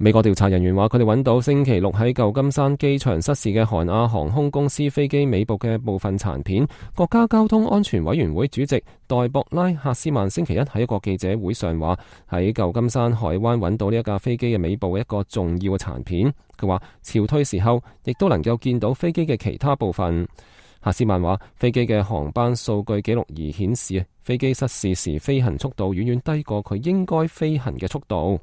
美國調查人員話，佢哋揾到星期六喺舊金山機場失事嘅韓亞航空公司飛機尾部嘅部分殘片。國家交通安全委員會主席黛博拉·赫斯曼星期一喺一個記者會上話，喺舊金山海灣揾到呢一架飛機嘅尾部嘅一個重要嘅殘片。佢話潮退時候亦都能夠見到飛機嘅其他部分。赫斯曼話，飛機嘅航班數據記錄儀顯示，飛機失事時飛行速度遠遠低過佢應該飛行嘅速度。